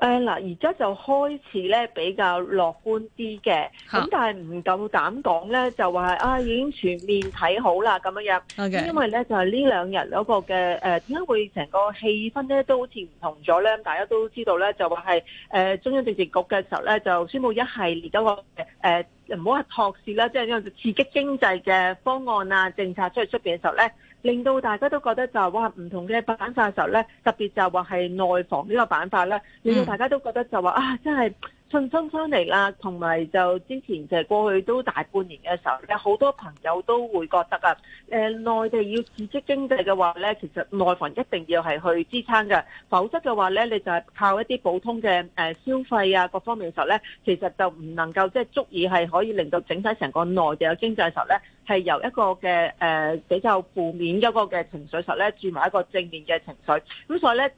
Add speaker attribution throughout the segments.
Speaker 1: 誒嗱，而家、呃、就開始咧比較樂觀啲嘅，咁但係唔夠膽講咧，就話係啊已經全面睇好啦咁樣樣。Okay. 因為咧就係、呃、呢兩日嗰個嘅誒點解會成個氣氛咧都好似唔同咗咧？大家都知道咧就話係誒中央政治局嘅時候咧就宣布一系列嗰、那個誒。呃唔好話托市啦，即係因為刺激經濟嘅方案啊、政策出去出邊嘅時候咧，令到大家都覺得就係哇唔同嘅板塊嘅時候咧，特別就話係內房呢個板塊咧，令到大家都覺得就話啊，真係，信心翻嚟啦，同埋就之前就係過去都大半年嘅時候，有好多朋友都會覺得啊，誒、呃、內地要刺激經濟嘅話咧，其實內房一定要係去支撐嘅，否則嘅話咧，你就係靠一啲普通嘅、呃、消費啊各方面嘅時候咧，其實就唔能夠即係、就是、足以係可以令到整體成個內地嘅經濟嘅時候咧，係由一個嘅誒、呃、比較負面一個嘅情緒時候咧轉埋一個正面嘅情緒，咁所以咧。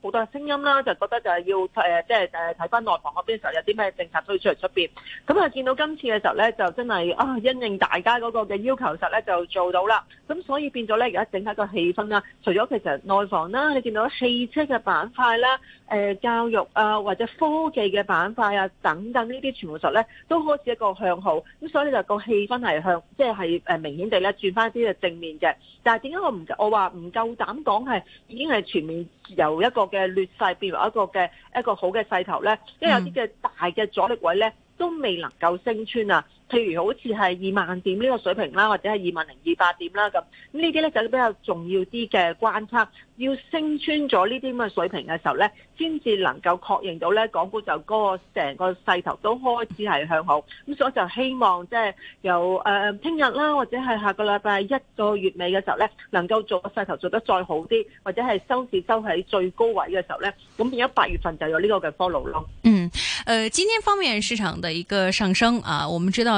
Speaker 1: 好多聲音啦，就覺得就是要即係睇翻內房嗰邊時候有啲咩政策推出嚟出邊。咁啊，見到今次嘅時候咧，就真係啊，應應大家嗰個嘅要求實咧，就做到啦。咁所以變咗咧，而家整體個氣氛啦，除咗其實內房啦，你見到汽車嘅板塊啦、呃、教育啊、呃，或者科技嘅板塊啊，等等呢啲全部實咧都開始一個向好。咁所以就個氣氛係向，即、就、係、是、明顯地咧轉翻一啲嘅正面嘅。但係點解我唔我話唔夠膽講係已經係全面？由一個嘅劣勢變為一個嘅一個好嘅勢頭咧，因為有啲嘅大嘅阻力位咧都未能夠升穿啊。譬如好似係二萬點呢個水平啦，或者係二萬零二百點啦咁，咁呢啲咧就比較重要啲嘅關卡，要升穿咗呢啲咁嘅水平嘅時候咧，先至能夠確認到咧，港股就嗰個成個勢頭都開始係向好。咁所以就希望即係由誒聽日啦，或者係下個禮拜一個月尾嘅時候咧，能夠做個勢頭做得再好啲，或者係收市收喺最高位嘅時候咧，咁變咗八月份就有呢個嘅 follow 咯。嗯，
Speaker 2: 誒、呃，今天方面市場嘅一個上升啊，我們知道。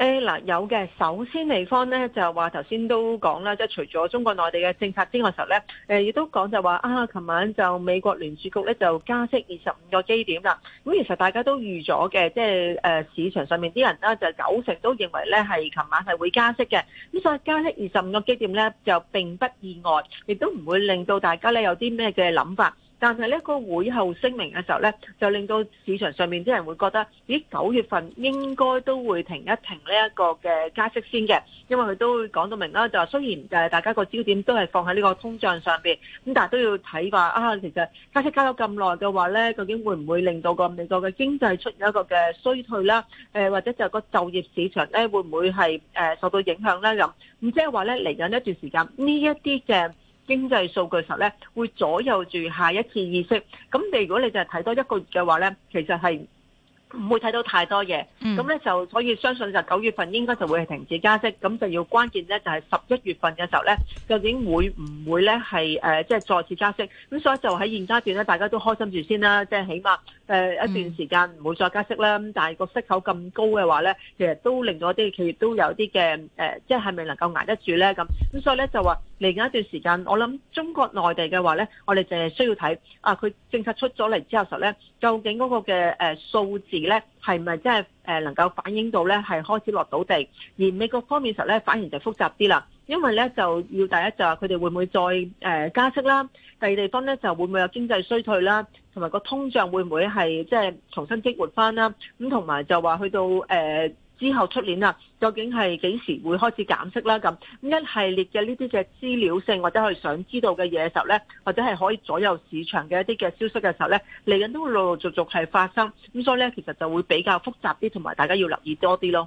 Speaker 1: 誒嗱有嘅，首先地方咧就係話頭先都講啦，即係除咗中國內地嘅政策之外時候呢，時咧誒亦都講就話啊，琴晚就美國聯儲局咧就加息二十五個基點啦。咁其實大家都預咗嘅，即係誒市場上面啲人啦，就九成都認為咧係琴晚係會加息嘅。咁所以加息二十五個基點咧就並不意外，亦都唔會令到大家咧有啲咩嘅諗法。但係呢個會後聲明嘅時候呢，就令到市場上面啲人會覺得，咦九月份應該都會停一停呢一個嘅加息先嘅，因為佢都會講到明啦，就雖然大家個焦點都係放喺呢個通脹上面，咁但係都要睇話啊，其實加息加咗咁耐嘅話呢，究竟會唔會令到個美國嘅經濟出現一個嘅衰退啦？誒或者就個就業市場呢，會唔會係誒受到影響呢？咁？咁即係話呢，嚟緊一段時間呢一啲嘅。經濟數據時咧會左右住下一次議息，咁你如果你就係睇多一個月嘅話咧，其實係唔會睇到太多嘢。咁咧、嗯、就所以相信就九月份應該就會係停止加息，咁就要關鍵咧就係十一月份嘅時候咧，究竟會唔會咧係誒即係再次加息？咁所以就喺現階段咧，大家都開心住先啦，即、就、係、是、起碼誒、呃、一段時間唔會再加息啦。咁但係個息口咁高嘅話咧，其實都令到一啲企業都有啲嘅誒，即係係咪能夠捱得住咧？咁咁所以咧就話。嚟緊一段時間，我諗中國內地嘅話咧，我哋淨係需要睇啊，佢政策出咗嚟之後實咧，究竟嗰個嘅誒、呃、數字咧，係咪真係誒能夠反映到咧，係開始落到地？而美國方面實咧，反而就複雜啲啦，因為咧就要第一就係佢哋會唔會再誒、呃、加息啦？第二地方咧就會唔會有經濟衰退啦？同埋個通脹會唔會係即係重新激活翻啦？咁同埋就話去到誒。呃之後出年啊，究竟係幾時會開始減息啦？咁咁一系列嘅呢啲嘅資料性或者係想知道嘅嘢嘅時候咧，或者係可以左右市場嘅一啲嘅消息嘅時候咧，嚟緊都會陸陸續續係發生。咁，所以咧其實就會比較複雜啲，同埋大家要留意多啲咯。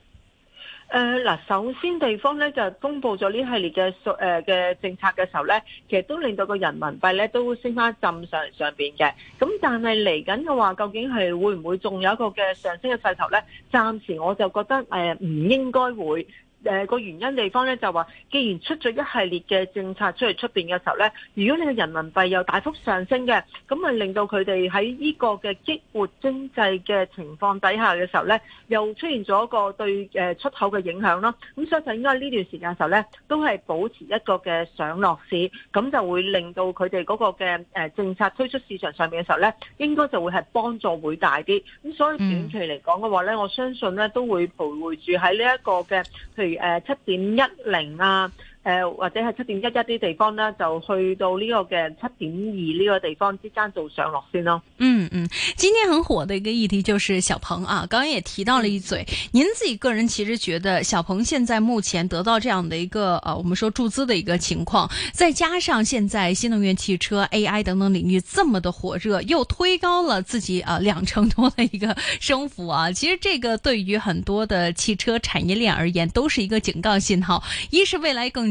Speaker 1: 誒嗱、呃，首先地方咧就公布咗呢系列嘅誒嘅政策嘅時候咧，其實都令到個人民幣咧都會升翻浸上上邊嘅。咁但係嚟緊嘅話，究竟係會唔會仲有一個嘅上升嘅勢頭咧？暫時我就覺得誒、呃，唔應該會。誒個原因地方咧就話，既然出咗一系列嘅政策出嚟出面嘅時候咧，如果你嘅人民幣又大幅上升嘅，咁咪令到佢哋喺呢個嘅激活經濟嘅情況底下嘅時候咧，又出現咗一個對出口嘅影響咯。咁相信應該呢段時間嘅時候咧，都係保持一個嘅上落市，咁就會令到佢哋嗰個嘅政策推出市場上面嘅時候咧，應該就會係幫助會大啲。咁所以短期嚟講嘅話咧，我相信咧都會徘徊住喺呢一個嘅譬如。誒、呃，七點一零啦。啊呃，或者係七點一一啲地方呢，就去到呢個嘅七點二呢個地方之間做上落先咯。
Speaker 2: 嗯嗯，今天很火的一個議題就是小鵬啊，剛剛也提到了一嘴。您自己個人其實覺得小鵬現在目前得到這樣的一個，呃、啊，我們說注資的一個情況，再加上現在新能源汽車、AI 等等領域這麼的火熱，又推高了自己啊兩成多的一個升幅啊。其實這個對於很多的汽車產業鏈而言，都是一個警告信號。一是未來更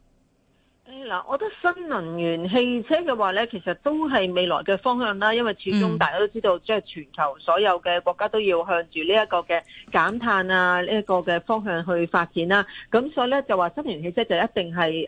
Speaker 1: 嗱，我覺得新能源汽車嘅話咧，其實都係未來嘅方向啦，因為始終大家都知道，即係全球所有嘅國家都要向住呢一個嘅減碳啊，呢一個嘅方向去發展啦。咁所以咧，就話新能源汽車就一定係誒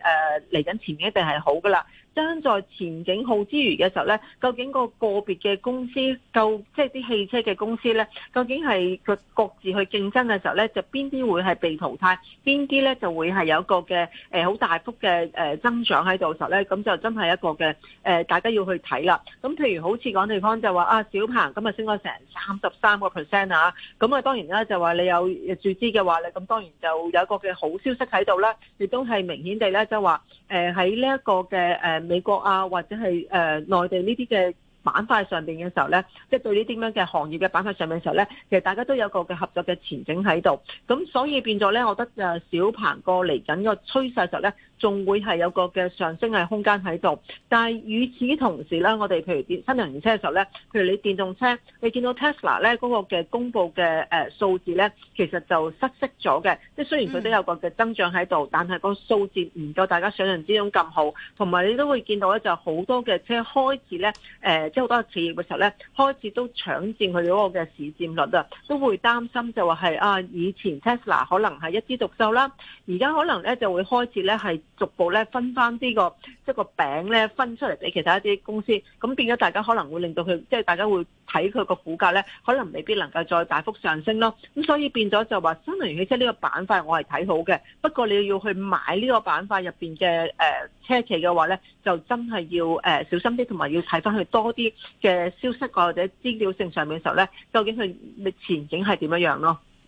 Speaker 1: 嚟緊前面一定係好噶啦。爭在前景好之餘嘅時候咧，究竟個個別嘅公司，夠即係啲汽車嘅公司咧，究竟係佢各自去競爭嘅時候咧，就邊啲會係被淘汰，邊啲咧就會係有一個嘅好大幅嘅增長喺度嘅時候咧，咁就真係一個嘅大家要去睇啦。咁譬如好似講地方就話啊，小鵬今日升咗成三十三個 percent 啊，咁啊當然啦，就話你有注資嘅話咧，咁當然就有一個嘅好消息喺度啦，亦都係明顯地咧就話喺呢一個嘅美國啊，或者係誒內地呢啲嘅板塊上邊嘅時候咧，即係對呢啲咁樣嘅行業嘅板塊上面嘅時候咧，其實大家都有個嘅合作嘅前景喺度，咁所以變咗咧，我覺得誒小鵬過嚟緊個趨勢時候咧。仲會係有個嘅上升嘅空間喺度，但係與此同時咧，我哋譬如電新能源車嘅時候咧，譬如你電動車，你見到 Tesla 咧嗰，那個嘅公布嘅誒數字咧，其實就失色咗嘅。即係雖然佢都有個嘅增長喺度，但係個數字唔夠大家想象之中咁好。同埋你都會見到咧，就好多嘅車開始咧誒，呃，即係好多企業嘅時候咧，開始都搶佔佢嗰個嘅市佔率啊，都會擔心就話，是，係啊，以前 Tesla 可能係一枝獨秀啦，而家可能咧就會開始咧係。逐步咧分翻啲、個即係、個餅咧分出嚟俾其他一啲公司，咁變咗大家可能會令到佢即係大家會睇佢個股價咧，可能未必能夠再大幅上升咯。咁所以變咗就話新能源汽車呢個板塊我係睇好嘅，不過你要去買呢個板塊入邊嘅誒車企嘅話咧，就真係要誒小心啲，同埋要睇翻佢多啲嘅消息或者資料性上面嘅時候咧，究竟佢前景係點樣樣咯？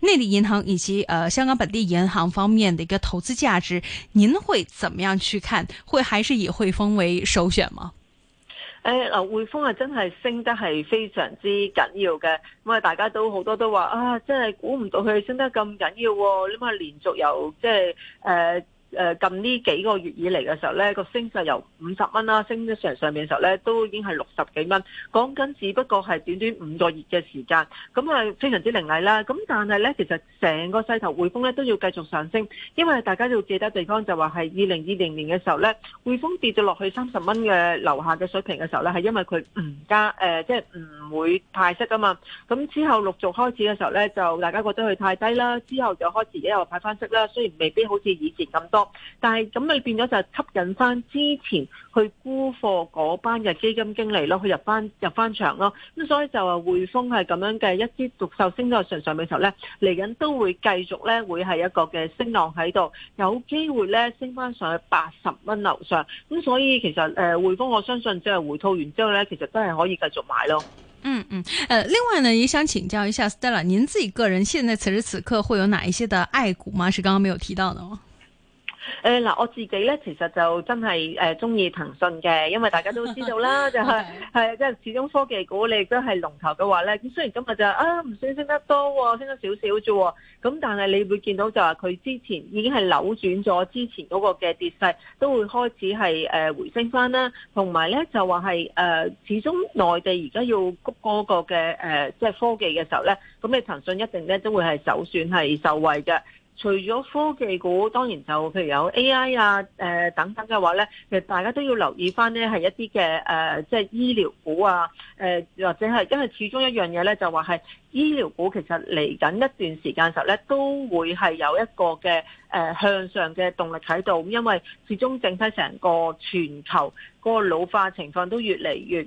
Speaker 2: 內地銀行以及，呃，香港本地銀行方面的一個投資價值，您會怎麼樣去看？會還是以匯豐為首選嗎？
Speaker 1: 誒、哎，嗱、呃，匯豐啊，真係升得係非常之緊要嘅，咁啊，大家都好多都話啊，真係估唔到佢升得咁緊要，哦，咁啊，連續又即係誒。誒近呢幾個月以嚟嘅時候咧，個升勢由五十蚊啦，升得上上面嘅時候咧，都已經係六十幾蚊。講緊只不過係短短五個月嘅時間，咁啊，非常之凌厲啦。咁但係咧，其實成個勢頭匯豐咧都要繼續上升，因為大家要記得地方就話係二零二零年嘅時候咧，匯豐跌咗落去三十蚊嘅樓下嘅水平嘅時候咧，係因為佢唔加誒，即係唔會派息啊嘛。咁之後陸續開始嘅時候咧，就大家覺得佢太低啦，之後就開始又派翻息啦。雖然未必好似以前咁多。但係咁你變咗就吸引翻之前去沽貨嗰班嘅基金經理咯，佢入翻入翻場咯，咁所以就話匯豐係咁樣嘅一枝獨秀升咗上上面頭咧，嚟緊都會繼續咧會係一個嘅升浪喺度，有機會咧升翻上去八十蚊樓上，咁所以其實誒匯豐我相信即係回吐完之後咧，其實都係可以繼續買咯。嗯嗯，
Speaker 2: 誒，另外呢，也想請教一下 Stella，您自己個人現在此時此刻會有哪一些的愛股嗎？是剛剛沒有提到的嗎，哦？
Speaker 1: 嗱、呃，我自己咧其實就真係誒中意騰訊嘅，因為大家都知道啦， 就係即係始終科技股你亦都係龍頭嘅話咧，咁雖然今日就啊唔算升得多，升得少少啫，咁但係你會見到就話佢之前已經係扭轉咗之前嗰個嘅跌勢，都會開始係誒回升翻啦，同埋咧就話係誒始終內地而家要谷嗰個嘅誒即係科技嘅時候咧，咁你騰訊一定咧都會係首選係受惠嘅。除咗科技股，當然就譬如有 AI 啊、呃，等等嘅話咧，其實大家都要留意返咧，係一啲嘅誒，即係醫療股啊，誒、呃、或者係因為始終一樣嘢咧，就話係醫療股其實嚟緊一段時間時候咧，都會係有一個嘅、呃、向上嘅動力喺度，因為始終整體成個全球嗰個老化情況都越嚟越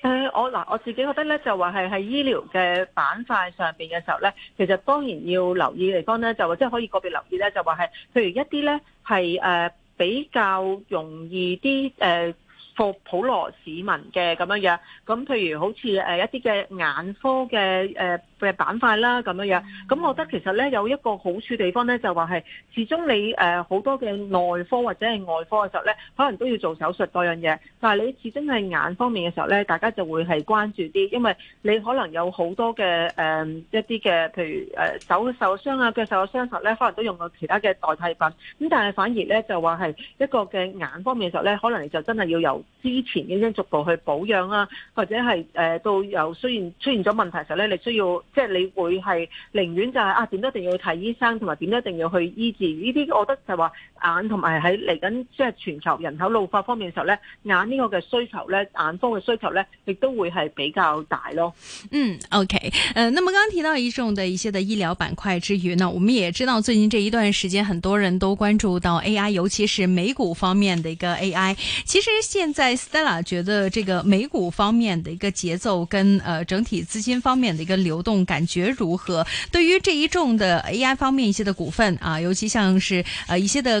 Speaker 1: 誒、呃、我嗱我自己覺得咧，就話係喺醫療嘅板塊上面嘅時候咧，其實當然要留意嘅地方咧，就話即係可以個別留意咧，就話係譬如一啲咧係誒比較容易啲誒服普羅市民嘅咁樣樣，咁譬如好似誒一啲嘅眼科嘅誒。呃嘅板塊啦，咁樣樣，咁我覺得其實咧有一個好處地方咧，就話係始終你誒好多嘅內科或者係外科嘅時候咧，可能都要做手術嗰樣嘢，但係你始終係眼方面嘅時候咧，大家就會係關注啲，因為你可能有好多嘅誒、嗯、一啲嘅譬如誒手受傷啊、腳受傷時候咧，可能都用過其他嘅代替品，咁但係反而咧就話係一個嘅眼方面嘅時候咧，可能你就真係要由之前已經逐步去保養啦、啊，或者係誒、呃、到有雖然出現咗問題嘅時候咧，你需要。即係你會係寧願就係啊點都一定要去睇醫生，同埋點都一定要去醫治，呢啲，我覺得就係話。眼同埋喺嚟緊即係全球人口老化方面嘅時候呢，眼呢個嘅需求呢，眼科嘅需求呢，亦都會係比較大咯。
Speaker 2: 嗯，OK，呃，那麼剛剛提到一眾的一些的醫療板塊之餘，呢，我們也知道最近這一段時間，很多人都關注到 AI，尤其是美股方面的一個 AI。其實現在 Stella 覺得這個美股方面的一個節奏跟呃整體資金方面的一個流動感覺如何？對於這一眾的 AI 方面一些的股份啊，尤其像是呃一些的。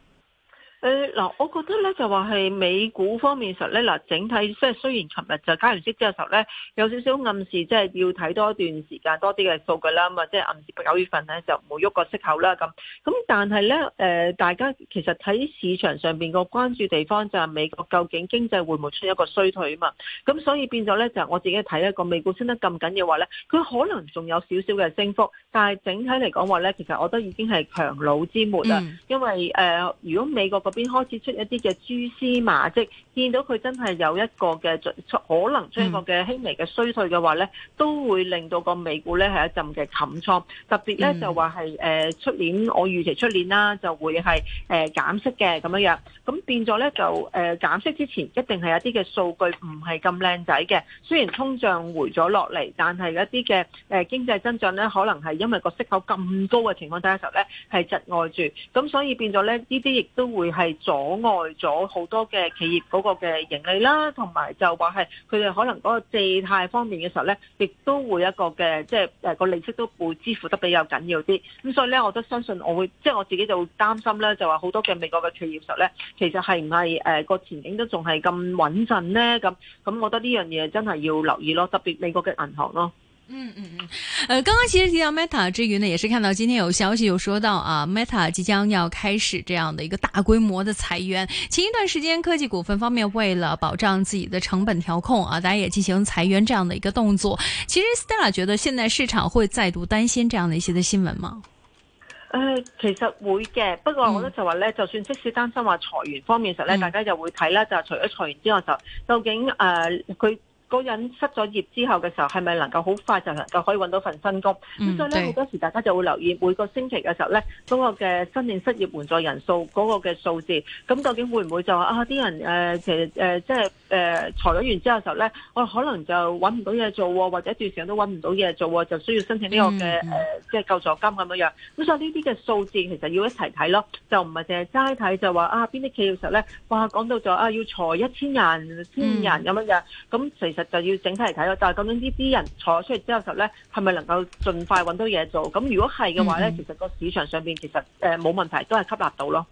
Speaker 1: 誒，嗱、呃，我覺得咧就話係美股方面，實咧嗱，整體即係雖然琴日就加完息之後實咧有少少暗示，即、就、係、是、要睇多一段時間多啲嘅數據啦，咁啊即係暗示九月份咧就唔會喐個息口啦，咁咁但係咧誒，大家其實喺市場上面個關注地方就係美國究竟經濟會唔會出一個衰退啊嘛，咁所以變咗咧就我自己睇一個美股升得咁緊要話咧，佢可能仲有少少嘅升幅，但係整體嚟講話咧，其實我都已經係強弩之末啦，嗯、因為誒、呃，如果美國個邊開始出一啲嘅蛛絲馬跡，見到佢真係有一個嘅，可能出一個嘅輕微嘅衰退嘅話咧，都會令到個美股咧係一陣嘅冚倉，特別咧就話係誒出年，我預期出年啦，就會係誒減息嘅咁樣樣，咁變咗咧就誒減息之前一定係有啲嘅數據唔係咁靚仔嘅，雖然通脹回咗落嚟，但係一啲嘅誒經濟增長咧，可能係因為個息口咁高嘅情況底下時候咧係窒礙住，咁所以變咗咧呢啲亦都會係係阻礙咗好多嘅企業嗰個嘅盈利啦，同埋就話係佢哋可能嗰個借貸方面嘅時候咧，亦都會一個嘅即係誒個利息都會支付得比較緊要啲。咁所以咧，我都相信我會即係、就是、我自己就會擔心咧，就話好多嘅美國嘅企業的時候咧，其實係唔係誒個前景都仲係咁穩陣咧？咁咁，咁我覺得呢樣嘢真係要留意咯，特別美國嘅銀行咯。
Speaker 2: 嗯嗯嗯，嗯嗯呃，剛剛其實提到 Meta 之餘呢，也是看到今天有消息，有說到啊，Meta 即將要開始這樣的一個大規模的裁員。前一段時間，科技股份方面為了保障自己的成本調控啊，大家也進行裁員這樣的一個動作。其實 Stella 覺得現在市場會再度擔心這樣的一些的新聞嗎？呃，其實
Speaker 1: 會嘅，不過我覺得就話呢，嗯、就算即使擔心話裁員方面時候呢，嗯、大家就會睇啦，就除咗裁員之外就，就究竟誒佢。呃嗰人失咗業之後嘅時候，係咪能夠好快就能夠可以揾到份新工？咁、mm hmm. 所以咧好多時大家就會留意每個星期嘅時候咧，嗰、那個嘅申請失業援助人數嗰、那個嘅數字，咁究竟會唔會就話啊啲人誒、呃、其實誒即係誒裁咗員之後嘅時候咧，我可能就揾唔到嘢做喎、哦，或者一段時間都揾唔到嘢做喎、哦，就需要申請呢個嘅誒即係救助金咁樣樣。咁所以呢啲嘅數字其實要一齊睇咯，就唔係淨係齋睇就話啊邊啲企業嘅時候咧，哇講到就啊要裁一千人、千人咁樣樣，咁、mm hmm. 其實。就要整體嚟睇咯，就係究竟呢啲人坐出嚟之後，就咧，係咪能夠盡快揾到嘢做？咁如果係嘅話咧，其實個市場上邊，其實誒冇問題，都係吸納到咯。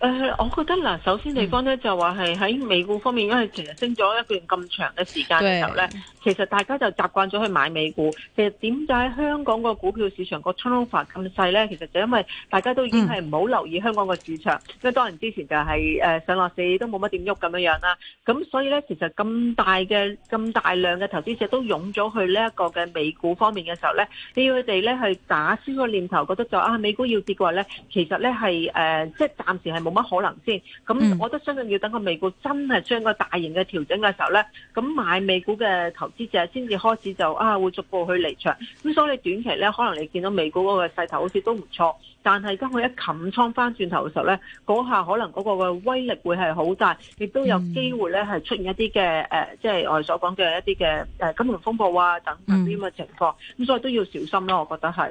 Speaker 1: 誒、呃，我覺得嗱，首先地方咧就話係喺美股方面，因為其實升咗一段咁長嘅時間嘅時候咧，對其實大家就習慣咗去買美股。其實點解香港個股票市場個 trough 咁細咧？其實就因為大家都已經係唔好留意香港個市場，因為、嗯、當然之前就係誒上落市都冇乜點喐咁樣啦。咁所以咧，其實咁大嘅咁大量嘅投資者都湧咗去呢一個嘅美股方面嘅時候咧，你要佢哋咧去打消個念頭，覺得就啊美股要跌嘅話咧，其實咧係、呃、即係暫時係冇。冇乜可能先，咁我都相信要等個美股真係將個大型嘅調整嘅時候呢，咁買美股嘅投資者先至開始就啊會逐步去離場。咁所以你短期呢，可能你見到美股嗰個勢頭好似都唔錯，但係當佢一冚倉翻轉頭嘅時候呢，嗰下可能嗰個嘅威力會係好大，亦都有機會呢係出現一啲嘅誒，即係我哋所講嘅一啲嘅誒金融風暴啊等等呢啲咁嘅情況。咁、嗯、所以都要小心咯，我覺得係。